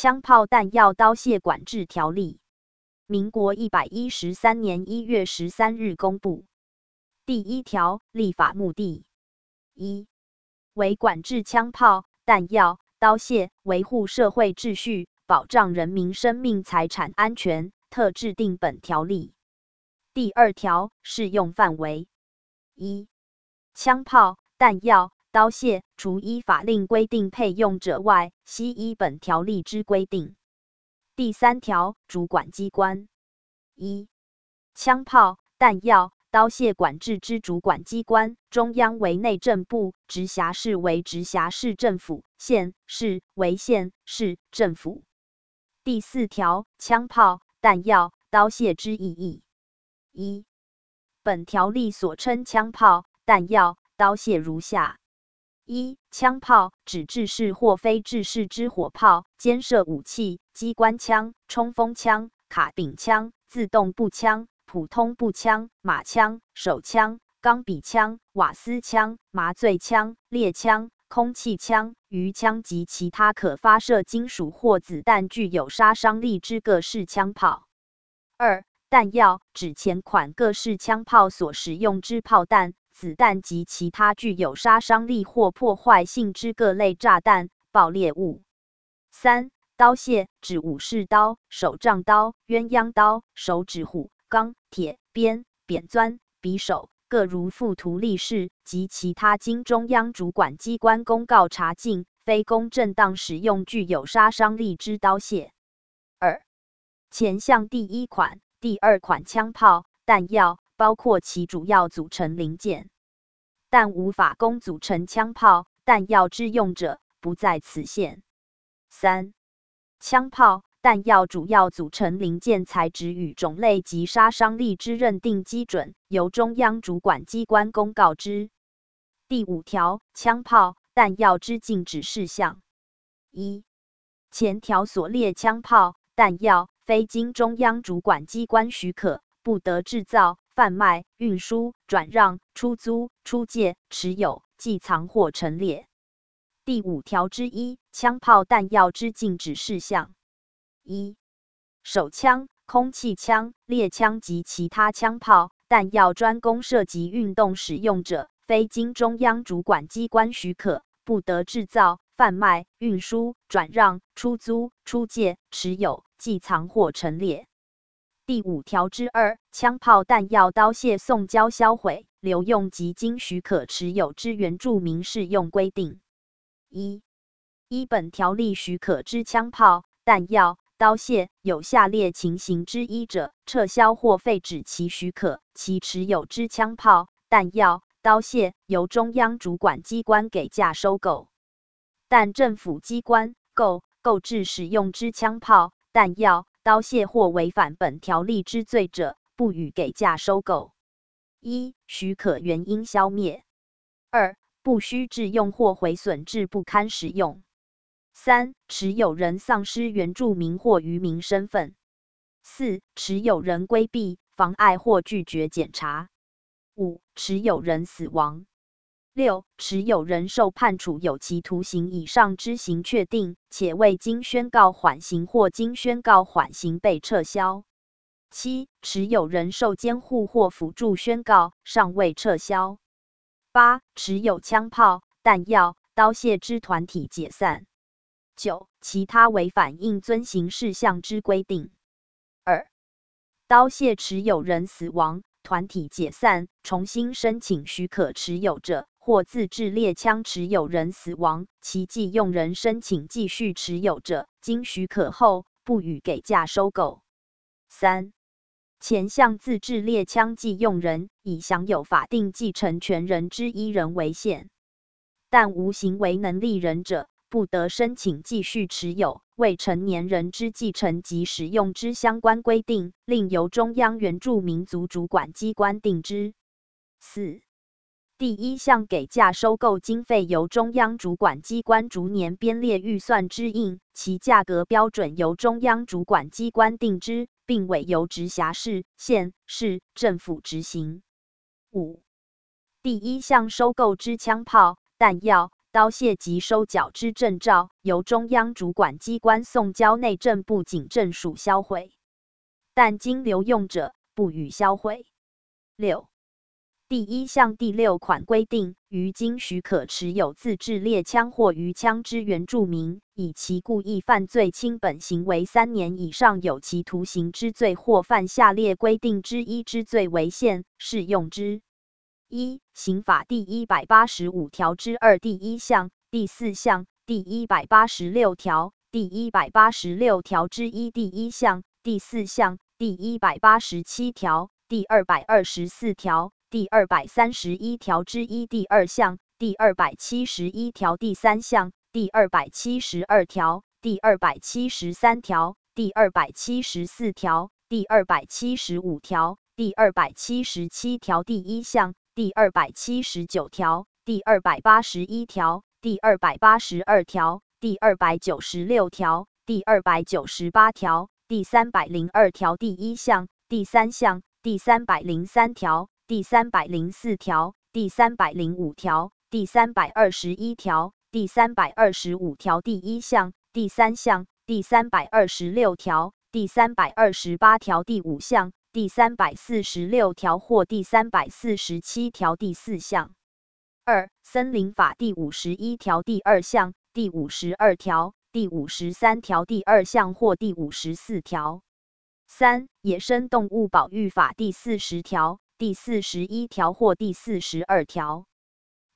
《槍炮彈藥刀械管制條例》，民國一百一十三年一月十三日公布。第一條，立法目的：一、為管制槍炮、彈藥、刀械，維護社會秩序，保障人民生命財產安全，特制定本條例。第二條，適用範圍：一、槍炮、彈藥。刀械除依法令規定配用者外，悉依本條例之規定。第三條主管機關：一、槍炮、彈藥、刀械管制之主管機關，中央為內政部，直轄市為直轄市政府，縣市為縣市政府。第四條槍炮、彈藥、刀械之意義：一、本條例所稱槍炮、彈藥、刀械如下。一、槍炮指制式或非制式之火炮、肩射武器、機關槍、衝鋒槍、卡柄槍、自動步槍、普通步槍、馬槍、手槍、鋼筆槍、瓦斯槍、麻醉槍、獵槍、空氣槍、魚槍及其他可發射金屬或子彈具有殺傷力之各式槍炮。二、彈藥指前款各式槍炮所使用之炮彈。子彈及其他具有殺傷力或破壞性之各類炸彈、爆裂物；三、刀械指武士刀、手杖刀、鴛鴦刀、手指虎、鋼、鐵鞭、鞭扁鑽、匕首，各如附圖例示及其他經中央主管機關公告查禁、非公正當使用具有殺傷力之刀械；二、前項第一款、第二款槍炮、彈藥。包括其主要組成零件，但無法供組成槍炮、彈藥之用者，不在此限。三、槍炮、彈藥主要組成零件材質與種類及殺傷力之認定基準，由中央主管機關公告之。第五條，槍炮、彈藥之禁止事項：一、前條所列槍炮、彈藥，非經中央主管機關許可，不得製造、販賣、運輸、轉讓、出租、出借、持有、寄藏或陳列。第五條之一，槍炮彈藥之禁止事項：一、手槍、空氣槍、獵槍及其他槍炮彈藥專供射擊運動使用者，非經中央主管機關許可，不得製造、販賣、運輸、轉讓、出租、出借、持有、寄藏或陳列。第五條之二，槍炮彈藥刀械送交銷毀、留用及經許可持有之原住民適用規定：一、依本條例許可之槍炮彈藥刀械有下列情形之一者，撤銷或廢止其許可，其持有之槍炮彈藥刀械由中央主管機關給價收購；但政府機關購購置使用之槍炮彈藥刀械或違反本條例之罪者，不予給價收購。一、許可原因消滅；二、不需置用或毀損致不堪使用；三、持有人喪失原住民或漁民身份；四、持有人規避、妨礙或拒絕檢查；五、持有人死亡。六、持有人受判處有期徒刑以上之刑確定，且未經宣告緩刑或經宣告緩刑被撤銷。七、持有人受監護或輔助宣告尚未撤銷。八、持有槍炮、彈藥、刀械之團體解散。九、其他違反應遵行事項之規定。二、刀械持有人死亡、團體解散，重新申請許可持有者。或自制獵槍持有人死亡，其繼用人申請繼續持有者，經許可後不予給價收購。三、前項自制獵槍繼用人，以享有法定繼承權人之一人為限，但無行為能力人者不得申請繼續持有。未成年人之繼承及使用之相關規定，另由中央原住民族主管機關定之。四、第一項給價收購經費由中央主管機關逐年編列預算支應，其價格標準由中央主管機關訂之，並委由直轄市、縣、市政府執行。五、第一項收購之槍炮、彈藥、刀械及收繳之證照，由中央主管機關送交內政部警政署銷毀，但經留用者不予銷毀。六、第一項第六款規定，於經許可持有自製獵槍或魚槍之原住民，以其故意犯最輕本刑為三年以上有期徒刑之罪，或犯下列規定之一之罪為限，適用之。一、刑法第一百八十五條之二第一項、第四項、第一百八十六條、第一百八十六條之一第一項、第四項、第一百八十七條、第二百二十四條。第二百三十一條之一第二項、第二百七十一條第三項、第二百七十二條、第二百七十三條、第二百七十四條、第二百七十五條、第二百七十七條第一項、第二百七十九條、第二百八十一條、第二百八十二條、第二百九十六條、第二百九十八條、第三百零二條第一項、第三項、第三百零三條。第三百零四條、第三百零五條、第三百二十一條、第三百二十五條第一項、第三項、第三百二十六條、第三百二十八條第五項、第三百四十六條或第三百四十七條第四項。二、森林法第五十一條第二項、第五十二條、第五十三條第二項或第五十四條。三、野生動物保育法第四十條。第四十一條或第四十二條，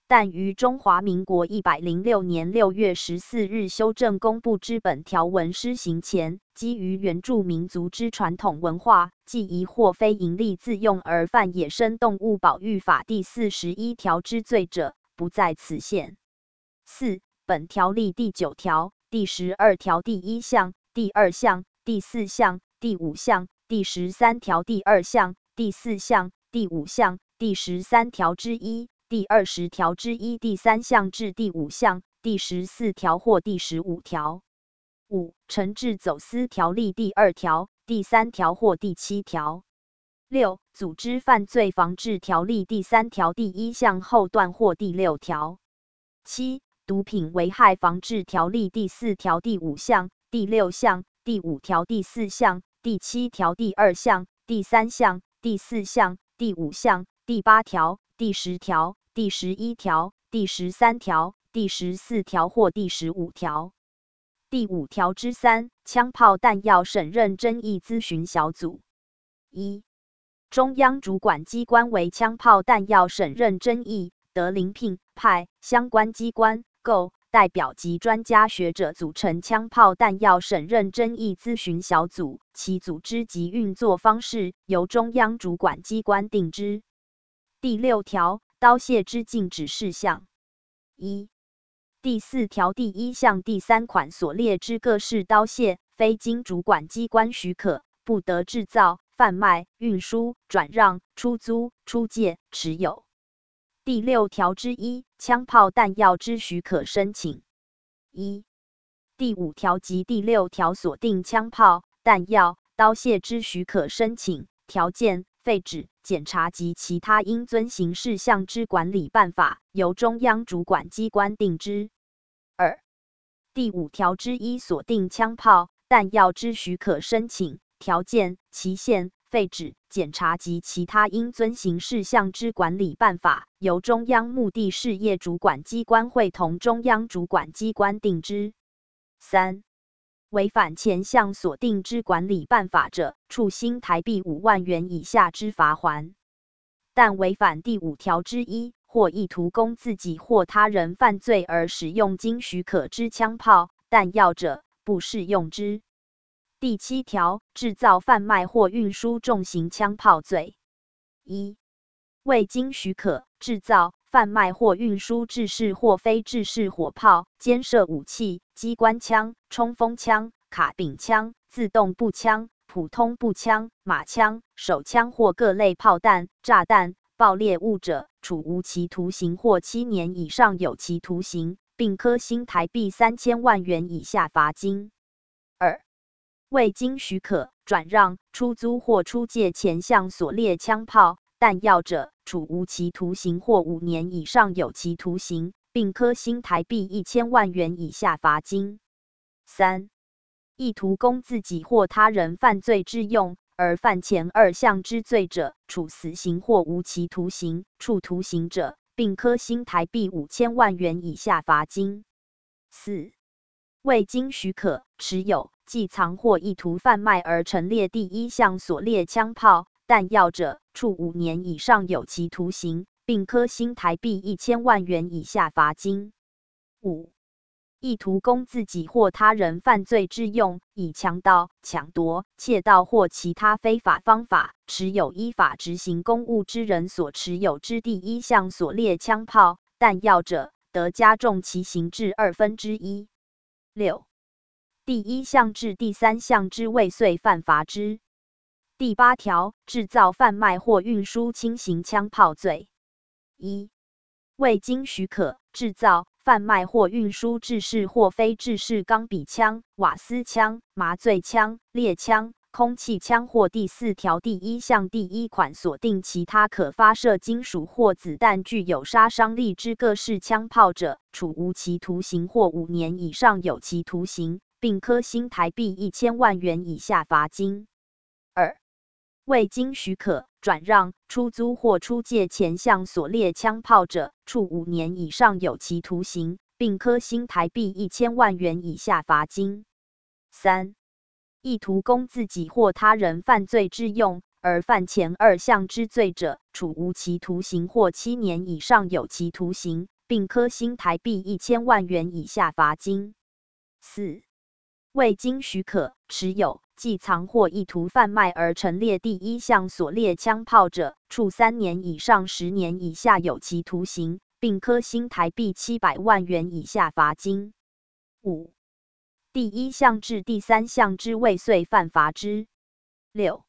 但於中華民國一百零六年六月十四日修正公布之本條文施行前，基於原住民族之傳統文化，祭儀或非營利自用而犯野生動物保育法第四十一條之罪者，不在此限。四、本條例第九條、第十二條第一項、第二項、第四項、第五項、第十三條第二項、第四項。第五項、第十三條之一、第二十條之一第三項至第五項、第十四條或第十五條；五、懲治走私條例第二條、第三條或第七條；六、組織犯罪防治條例第三條第一項後段或第六條；七、毒品危害防治條例第四條第五項、第六項、第五條第四項、第七條第二項、第三項、第四項。第五項、第八條、第十條、第十一條、第十三條、第十四條或第十五條，第五條之三，槍炮彈藥審認爭議諮詢小組。一、中央主管機關為槍炮彈藥審認爭議得遴聘派相關機關構。GO! 代表及專家學者組成槍炮彈藥審認爭議諮詢小組，其組織及運作方式由中央主管機關定之。第六條，刀械之禁止事項：一、第四條第一項第三款所列之各式刀械，非經主管機關許可，不得製造、販賣、運輸、轉讓、出租、出借、持有。第六條之一，槍炮彈藥之許可申請。一、第五條及第六條所定槍炮、彈藥、刀械之許可申請條件、廢止、檢查及其他應遵行事項之管理辦法，由中央主管機關定之。二、第五條之一所定槍炮、彈藥之許可申請條件、期限。廢止、檢查及其他應遵行事項，之管理辦法，由中央目的事業主管機關會同中央主管機關定之。三、違反前項所定之管理辦法者，處新台幣五萬元以下之罰鍰。但違反第五條之一或意圖供自己或他人犯罪而使用經許可之槍炮彈藥者，不適用之。第七條，製造、販賣或運輸重型槍炮罪：一、未經許可，製造、販賣或運輸制式或非制式火炮、肩射武器、機關槍、衝鋒槍、卡柄槍、自動步槍、普通步槍、馬槍、手槍或各類炮彈、炸彈、爆裂物者，處無期徒刑或七年以上有期徒刑，併科新台幣三千萬元以下罰金。二、未經許可，轉讓、出租或出借前項所列槍炮、彈藥者，處無期徒刑或五年以上有期徒刑，併科新台幣一千萬元以下罰金。三、意圖供自己或他人犯罪之用而犯前二項之罪者，處死刑或無期徒刑，處徒刑者，併科新台幣五千萬元以下罰金。四、未經許可持有、寄藏或意圖販賣而陳列第一項所列槍炮、彈藥者，處五年以上有期徒刑，並科新台幣一千萬元以下罰金。五、意圖供自己或他人犯罪之用，以強盜、搶奪、竊盜或其他非法方法持有依法執行公務之人所持有之第一項所列槍炮、彈藥者，得加重其刑至二分之一。六、第一項至第三項之未遂犯罰之。第八條製造、販賣或運輸輕型槍炮罪。一、未經許可製造、販賣或運輸制式或非制式鋼筆槍、瓦斯槍、麻醉槍、獵槍、空氣槍或第四條第一項第一款所定其他可發射金屬或子彈具有殺傷力之各式槍炮者，處無期徒刑或五年以上有期徒刑。併科新臺幣一千萬元以下罰金。二、未經許可轉讓、出租或出借前項所列槍炮者，處五年以上有期徒刑，併科新臺幣一千萬元以下罰金。三、意圖供自己或他人犯罪之用而犯前二項之罪者，處無期徒刑或七年以上有期徒刑，併科新臺幣一千萬元以下罰金。四、未經許可持有、寄藏或意圖販賣而陳列第一項所列槍炮者，處三年以上十年以下有期徒刑，並科新台幣七百萬元以下罰金。五、第一項至第三項之未遂犯罰之。六、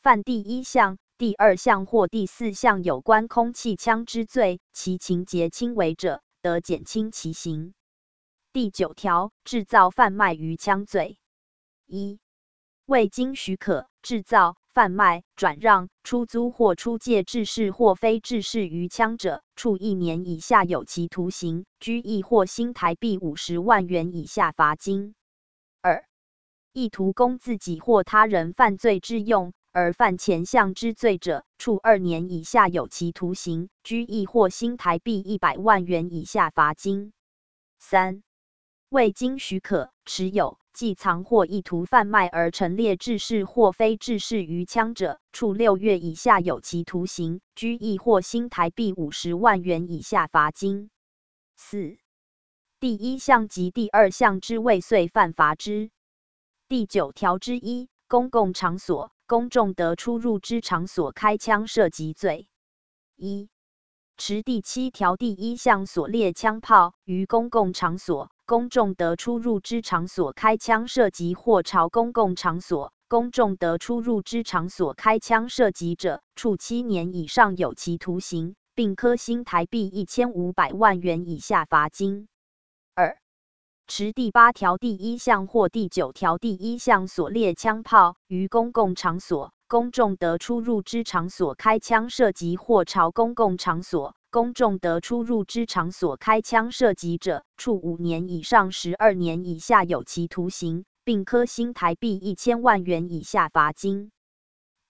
犯第一項、第二項或第四項有關空氣槍之罪，其情節輕微者，得減輕其刑。第九條，製造、販賣魚槍罪：一、未經許可製造、販賣、轉讓、出租或出借制式或非制式魚槍者，處一年以下有期徒刑、拘役或新台幣五十萬元以下罰金；二、意圖供自己或他人犯罪之用而犯前項之罪者，處二年以下有期徒刑、拘役或新台幣一百萬元以下罰金；三、未經許可持有、寄藏或意圖販賣而陳列制式或非制式魚槍者，處六月以下有期徒刑、拘役或新台幣五十萬元以下罰金。四、第一項及第二項之未遂犯罰之。第九條之一，公共場所、公眾得出入之場所開槍射擊罪。一持第七條第一項所列槍炮，於公共場所、公眾得出入之場所開槍射擊，或朝公共場所、公眾得出入之場所開槍射擊者，處七年以上有期徒刑，併科新台幣一千五百萬元以下罰金。持第八條第一項或第九條第一項所列槍炮於公共場所、公眾得出入之場所開槍射擊，或朝公共場所、公眾得出入之場所開槍射擊者，處五年以上十二年以下有期徒刑，併科新台幣一千萬元以下罰金。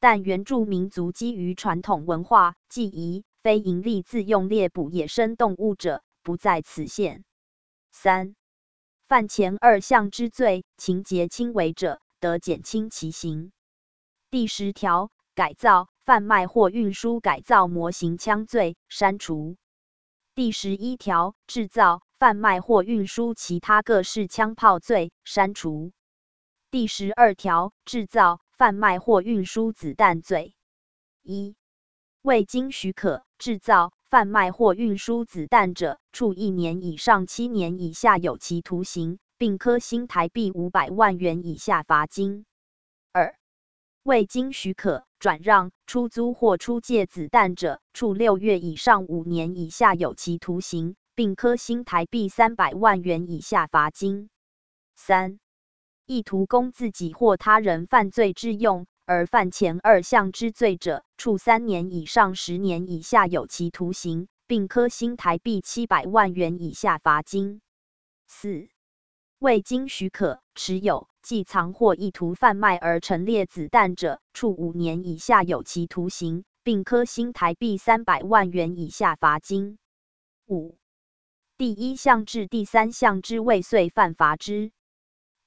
但原住民族基於傳統文化、祭儀、非營利自用獵捕野生動物者，不在此限。三。犯前二項之罪，情節輕微者，得減輕其刑。第十條，改造、販賣或運輸改造模型槍罪，刪除。第十一條，制造、販賣或運輸其他各式槍炮罪，刪除。第十二條，制造、販賣或運輸子彈罪。一、未經許可製造。販賣或運輸子彈者，處一年以上七年以下有期徒刑，併科新臺幣五百萬元以下罰金。二、未經許可轉讓、出租或出借子彈者，處六月以上五年以下有期徒刑，併科新臺幣三百萬元以下罰金。三、意圖供自己或他人犯罪之用。而犯前二項之罪者，處三年以上十年以下有期徒刑，併科新台幣七百萬元以下罰金。四、未經許可持有、寄藏或意圖販賣而陳列子彈者，處五年以下有期徒刑，併科新台幣三百萬元以下罰金。五、第一項至第三項之未遂犯罰之。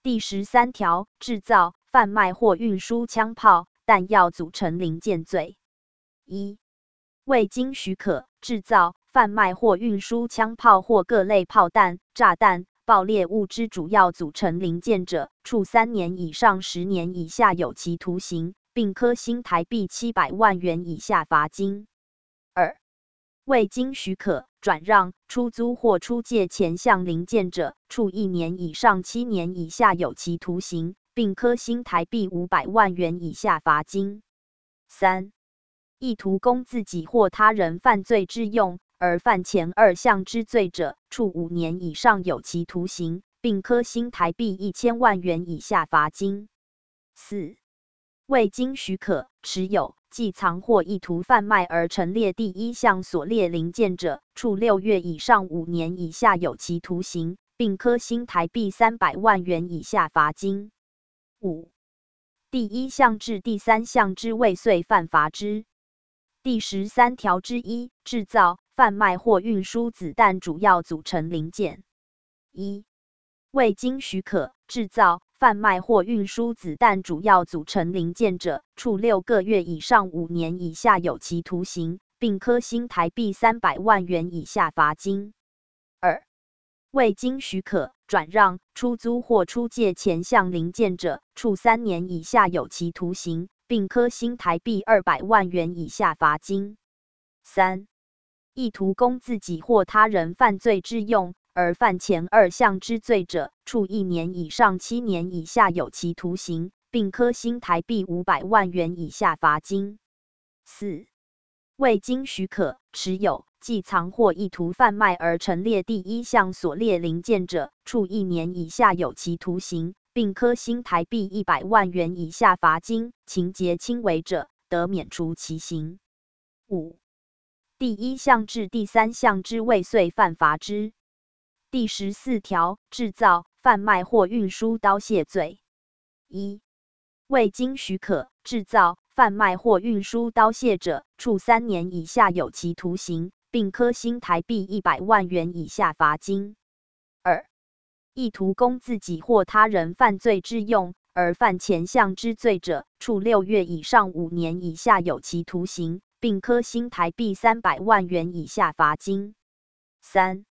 第十三條製造。販賣或運輸槍炮、彈藥組成零件罪：一、未經許可製造、販賣或運輸槍炮或各類炮彈、炸彈、爆裂物之主要組成零件者，處三年以上十年以下有期徒刑，並科新臺幣七百萬元以下罰金；二、未經許可轉讓、出租或出借前項零件者，處一年以上七年以下有期徒刑。併科新台幣五百萬元以下罰金。三、意圖供自己或他人犯罪之用而犯前二項之罪者，處五年以上有期徒刑，併科新台幣一千萬元以下罰金。四、未經許可持有、寄藏或意圖販賣而陳列第一項所列零件者，處六月以上五年以下有期徒刑，併科新台幣三百萬元以下罰金。五、第一項至第三項之未遂犯罰之。第十三條之一，製造、販賣或運輸子彈主要組成零件，一、未經許可製造、販賣或運輸子彈主要組成零件者，處六個月以上五年以下有期徒刑，併科新台幣三百萬元以下罰金。二、未經許可轉讓、出租或出借前項零件者，處三年以下有期徒刑，並科新臺幣二百萬元以下罰金。三、意圖供自己或他人犯罪之用而犯前二項之罪者，處一年以上七年以下有期徒刑，並科新臺幣五百萬元以下罰金。四、未經許可持有。即藏或意圖販賣而陳列第一項所列零件者，處一年以下有期徒刑，並科新台幣一百萬元以下罰金；情節輕微者，得免除其刑。五、第一項至第三項之未遂犯罰之。第十四條，製造、販賣或運輸刀械罪。一、未經許可製造、販賣或運輸刀械者，處三年以下有期徒刑。併科新台幣一百萬元以下罰金。二、意圖供自己或他人犯罪之用而犯前項之罪者，處六月以上五年以下有期徒刑，併科新台幣三百萬元以下罰金。三、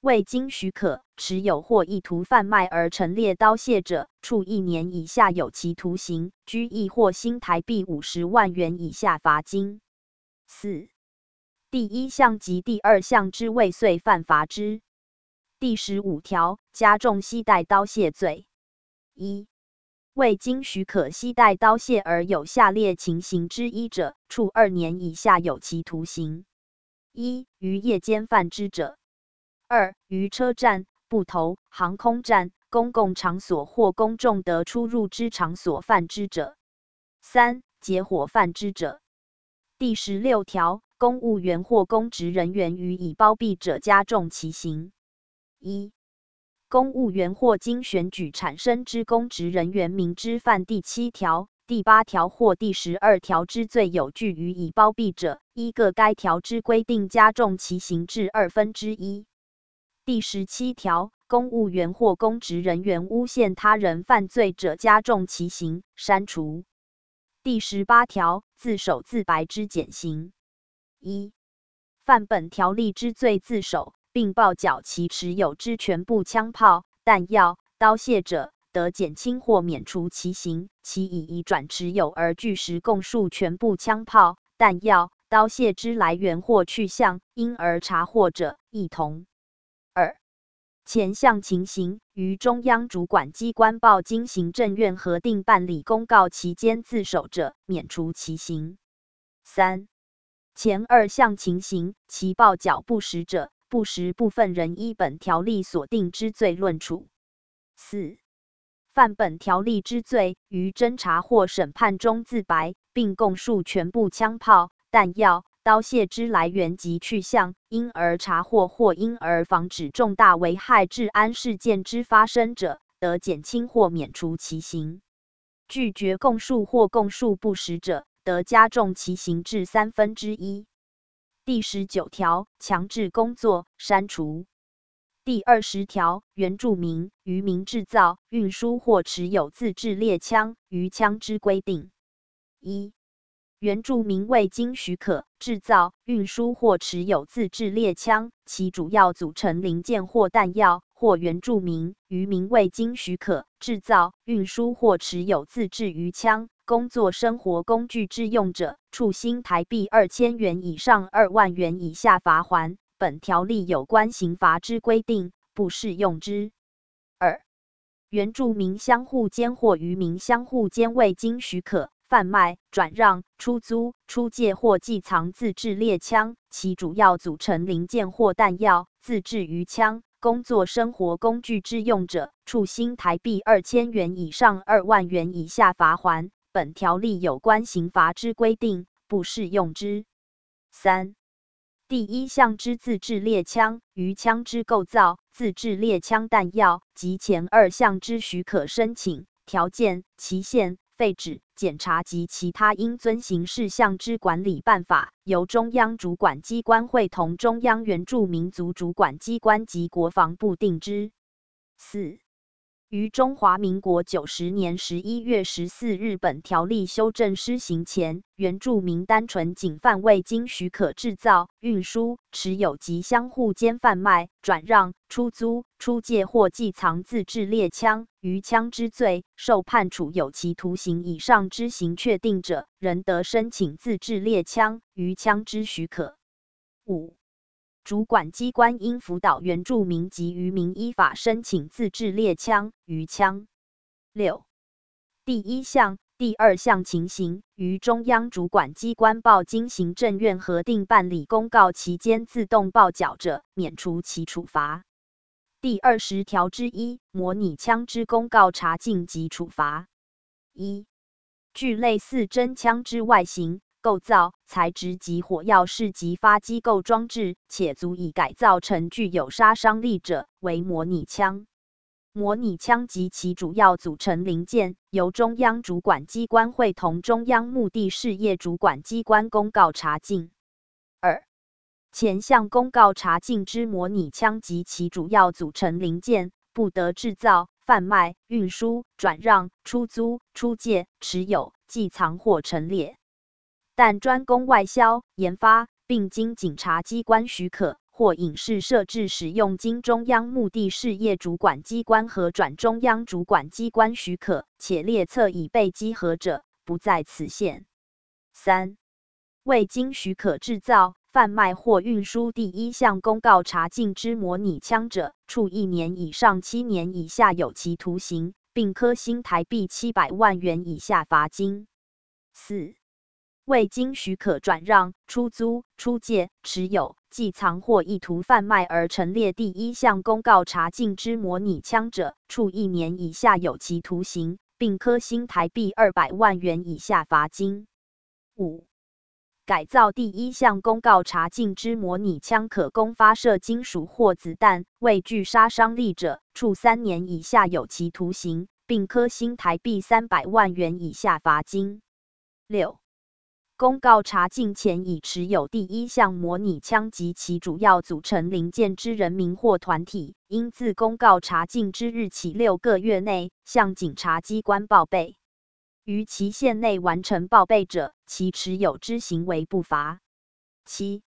未經許可持有或意圖販賣而陳列刀械者，處一年以下有期徒刑、拘役或新台幣五十萬元以下罰金。四、第一項及第二項之未遂犯罰之。第十五條，加重攜帶刀械罪：一、未經許可攜帶刀械而有下列情形之一者，處二年以下有期徒刑：一、於夜間犯之者；二、於車站、埠頭、航空站、公共場所或公眾得出入之場所犯之者；三、結夥犯之者。第十六條，公務員或公職人員予以包庇者，加重其刑。一、公務員或經選舉產生之公職人員明知犯第七條、第八條或第十二條之罪，有據予以包庇者，依各該條之規定加重其刑至二分之一。第十七條，公務員或公職人員誣陷他人犯罪者，加重其刑。刪除。第十八條。自首自白之減刑，一，犯本條例之罪自首，並報繳其持有之全部槍炮、彈藥、刀械者，得減輕或免除其刑。其以已轉持有而據實供述全部槍炮、彈藥、刀械之來源或去向，因而查獲者，亦同。前項情形，於中央主管機關報經行政院核定辦理公告期間自首者，免除其刑。三、前二項情形，其報繳不實者，不實部分仍依本條例所定之罪論處。四、犯本條例之罪，於偵查或審判中自白，並供述全部槍炮、彈藥。刀械之來源及去向，因而查獲或因而防止重大危害治安事件之發生者，得減輕或免除其刑；拒絕供述或供述不實者，得加重其刑至三分之一。第十九條，強制工作刪除。第二十條，原住民、漁民製造、運輸或持有自制獵槍、魚槍之規定。一原住民未經許可製造、運輸或持有自製獵槍，其主要組成零件或彈藥；或原住民、漁民未經許可製造、運輸或持有自製漁槍，工作生活工具之用者，處新台幣二千元以上二萬元以下罰鍰。本條例有關刑罰之規定，不適用之。二、原住民相互間或漁民相互間未經許可。販賣、轉讓、出租、出借或寄藏自制獵槍，其主要組成零件或彈藥，自制魚槍、工作生活工具之用者，處新台幣二千元以上二萬元以下罰鍰。本條例有關刑罰之規定，不適用之。三、第一項之自制獵槍、魚槍之構造、自制獵槍彈藥及前二項之許可申請條件、期限。廢止、檢查及其他應遵行事項之管理辦法，由中央主管機關會同中央原住民族主管機關及國防部定之。四。於中華民國九十年十一月十四日本條例修正施行前，原住民單純僅犯未經許可製造、運輸、持有及相互間販賣、轉讓、出租、出借或寄藏自制獵槍、魚槍之罪，受判處有期徒刑以上之刑確定者，仍得申請自制獵槍、魚槍之許可。五主管機關應輔導原住民及漁民依法申請自制獵槍、漁槍。六、第一項、第二項情形，於中央主管機關報經行政院核定辦理公告期間自動報繳者，免除其處罰。第二十條之一，模擬槍之公告查禁及處罰。一、具類似真槍之外形。構造、材質及火藥式擊發機構裝置，且足以改造成具有殺傷力者為模擬槍。模擬槍及其主要組成零件，由中央主管機關會同中央目的事業主管機關公告查禁。二、前項公告查禁之模擬槍及其主要組成零件，不得製造、販賣、運輸、轉讓、出租、出借、持有、寄藏或陳列。但專供外銷研發，並經警察機關許可或影視設置使用，經中央目的事業主管機關和轉中央主管機關許可且列冊以備稽核者，不在此限。三、未經許可製造、販賣或運輸第一項公告查禁之模擬槍者，處一年以上七年以下有期徒刑，並科新台幣七百萬元以下罰金。四、未經許可轉讓、出租、出借、持有、寄藏或意圖販賣而陳列第一項公告查禁之模擬槍者，處一年以下有期徒刑，併科新台幣二百萬元以下罰金。五、改造第一項公告查禁之模擬槍，可供發射金屬或子彈，未具殺傷力者，處三年以下有期徒刑，併科新台幣三百萬元以下罰金。六、公告查禁前已持有第一項模擬槍及其主要組成零件之人民或團體，應自公告查禁之日起六個月內向警察機關報備。於期限內完成報備者，其持有之行為不罰。七、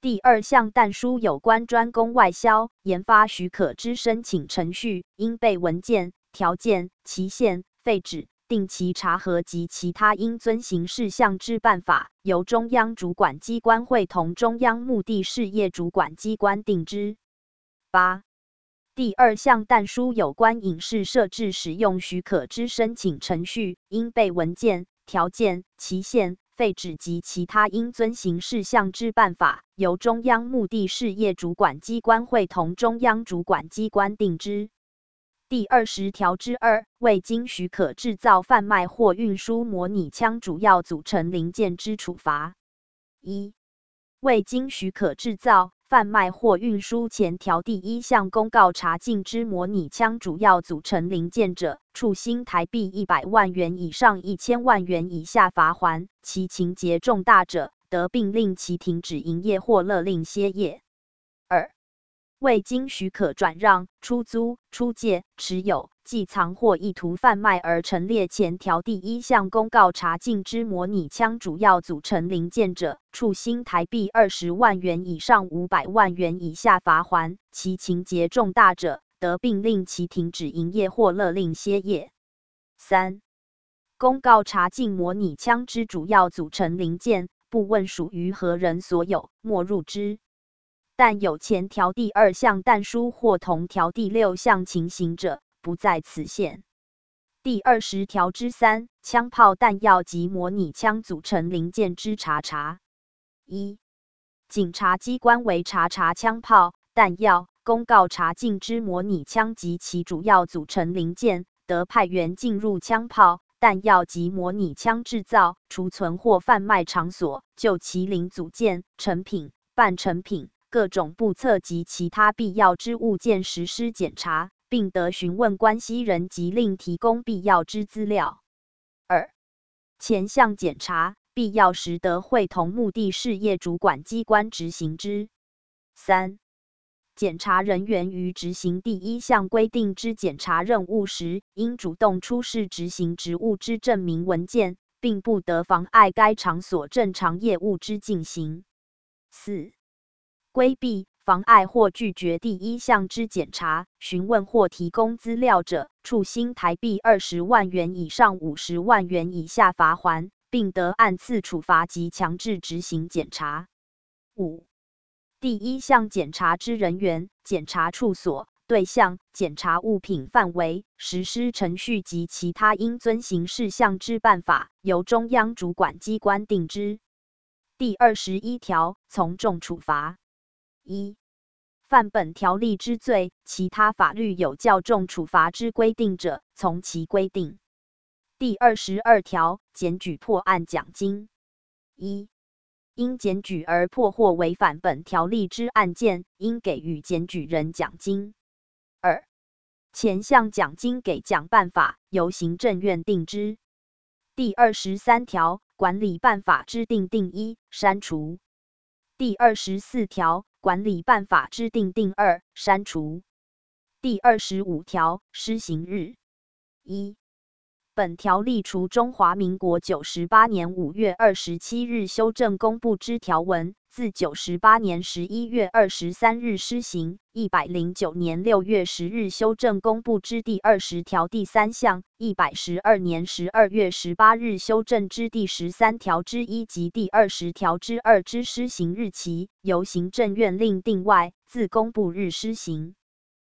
第二項但書有關專供外銷研發許可之申請程序，應備文件、條件、期限、廢止、定期查核及其他應遵行事項之辦法，由中央主管機關會同中央目的事業主管機關定之。八、第二項但書有關影視設置使用許可之申請程序、應備文件、條件、期限、廢止及其他應遵行事項之辦法，由中央目的事業主管機關會同中央主管機關定之。第二十條之二，未經許可製造、販賣或運輸模擬槍主要組成零件之處罰：一、未經許可製造、販賣或運輸前條第一項公告查禁之模擬槍主要組成零件者，處新台幣一百萬元以上一千萬元以下罰鍰。其情節重大者，得併令其停止營業或勒令歇業。未經許可轉讓、出租、出借、持有、寄藏或意圖販賣而陳列前條第一項公告查禁之模擬槍主要組成零件者，處新台幣二十萬元以上五百萬元以下罰鍰；其情節重大者，得併令其停止營業或勒令歇業。三、公告查禁模擬槍之主要組成零件，不問屬於何人所有，沒收之。但有前條第二項但書或同條第六項情形者，不在此限。第二十條之三，槍炮彈藥及模擬槍組成零件之查察。一、警察機關為查察槍炮彈藥，公告查禁之模擬槍及其主要組成零件，得派員進入槍炮彈藥及模擬槍製造、儲存或販賣場所，就其零組件、成品、半成品、各種簿冊及其他必要之物件實施檢查，並得詢問關係人及令提供必要之資料。二、前項檢查必要時，得會同目的事業主管機關執行之。三、檢查人員於執行第一項規定之檢查任務時，應主動出示執行職務之證明文件，並不得妨礙該場所正常業務之進行。四、規避、妨礙或拒絕第一項之檢查、詢問或提供資料者，處新台幣二十萬元以上五十萬元以下罰鍰，並得按次處罰及強制執行檢查。五、第一項檢查之人員、檢查處所、對象、檢查物品範圍、實施程序及其他應遵行事項之辦法，由中央主管機關定之。第二十一條，從重處罰。一、犯本條例之罪，其他法律有較重處罰之規定者，從其規定。第二十二條，檢舉破案獎金：一、因檢舉而破獲違反本條例之案件，應給予檢舉人獎金；二、前項獎金給獎辦法，由行政院定之。第二十三條，管理辦法之訂定一，刪除。第二十四條。管理辦法之訂定二，刪除。第二十五條，施行日，一、1. 本條例除中華民國九十八年五月二十七日修正公布之條文。自九十八年十一月二十三日施行，一百零九年六月十日修正公布之第二十條第三項，一百十二年十二月十八日修正之第十三條之一及第二十條之二之施行日期，由行政院令定外，自公布日施行。